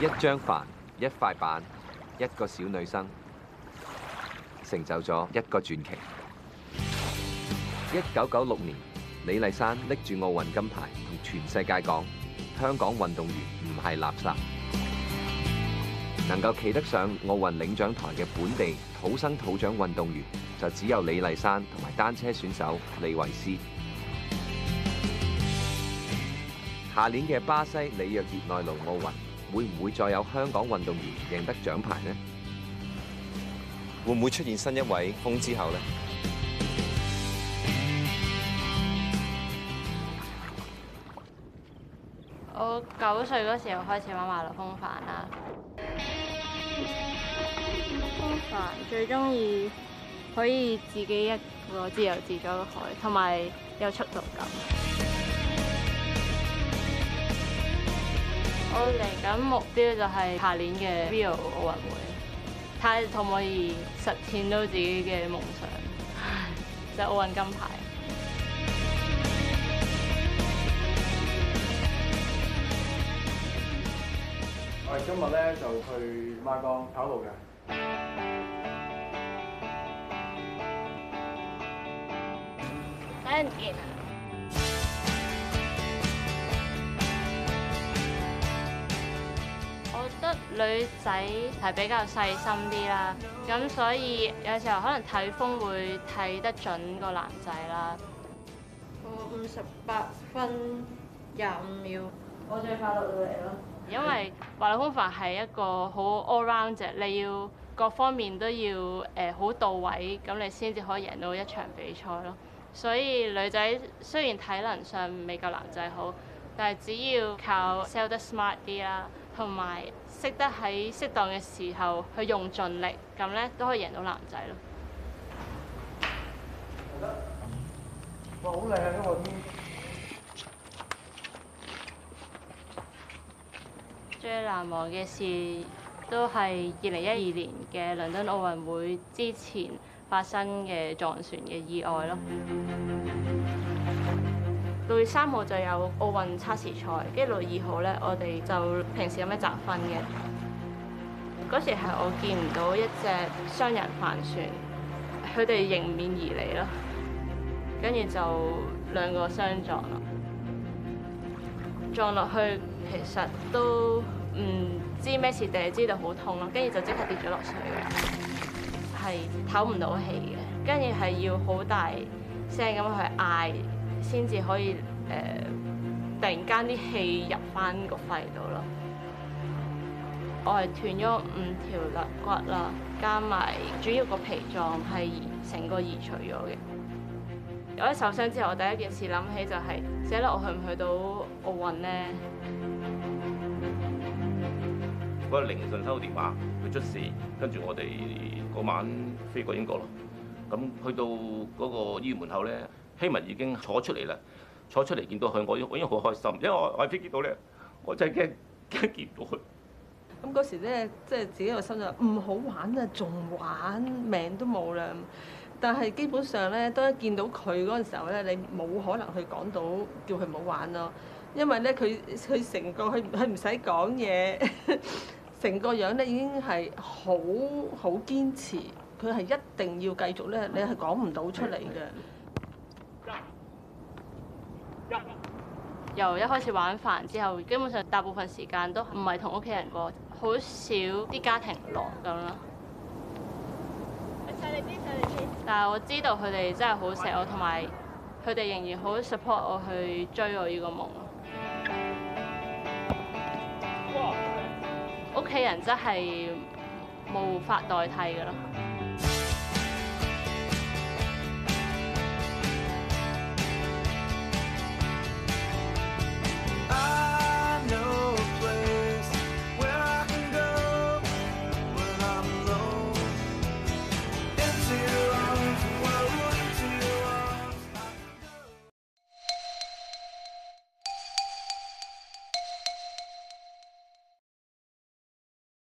一張帆，一塊板，一個小女生，成就咗一個傳奇。一九九六年，李麗珊拎住奧運金牌，同全世界講：香港運動員唔係垃圾。能夠企得上奧運領獎台嘅本地土生土長運動員，就只有李麗珊同埋單車選手李慧詩。下年嘅巴西里約熱內盧奧運。會唔會再有香港運動員贏得獎牌呢？會唔會出現新一位風之後呢？我九歲嗰時候開始玩滑浪風帆啦，風帆最中意可以自己一個自由自在嘅海，同埋有，有速度感。我嚟緊目標就係下年嘅 Rio 奧運會，睇下可唔可以實現到自己嘅夢想，就、奧運金牌。我哋今日咧就去馬崗跑步嘅，女仔係比較細心啲啦，咁所以有時候可能睇風會睇得準個男仔啦。我五十八分廿五秒，我最快到嚟咯。因為滑浪風帆係一個好 all round 嘅，你要各方面都要誒好到位，咁你先至可以贏到一場比賽咯。所以女仔雖然體能上未夠男仔好。但係只要靠 sell 得 smart 啲啦，同埋識得喺適當嘅時候去用盡力，咁呢都可以贏到男仔咯。 最難忘嘅事都係二零一二年嘅倫敦奧運會之前發生嘅撞船嘅意外咯。六月三號就有奧運測試賽，跟住六月二號咧，我哋就平時有咩集訓嘅。嗰時係我見唔到一隻雙人帆船，佢哋迎面而嚟咯，跟住就兩個相撞咯，撞落去其實都唔知咩事，定係知道好痛咯，跟住就即刻跌咗落水嘅，係唞唔到氣嘅，跟住係要好大聲咁去嗌。先至可以誒、呃，突然間啲氣入翻個肺度咯。我係斷咗五條肋骨啦，加埋主要個脾臟係成個移除咗嘅。我一受傷之後，我第一件事諗起就係，死嘞，我去唔去到奧運咧？嗰日凌晨收到電話，佢出事，跟住我哋嗰晚飛過英國咯。咁去到嗰個醫院門口咧。晞文已經坐出嚟啦，坐出嚟見到佢，我我已經好開心，因為我我係邊見到咧，我真係驚驚見唔到佢。咁嗰時咧，即係自己個心就唔好玩啊，仲玩、啊、命都冇啦。但係基本上咧，當一見到佢嗰陣時候咧，你冇可能去講到叫佢唔好玩咯、啊，因為咧佢佢成個佢佢唔使講嘢，成個樣咧已經係好好堅持，佢係一定要繼續咧，你係講唔到出嚟嘅。由一開始玩帆之後，基本上大部分時間都唔係同屋企人過，好少啲家庭樂咁咯。但係我知道佢哋真係好錫我，同埋佢哋仍然好 support 我去追我呢個夢。屋企哇人真係無法代替㗎囉～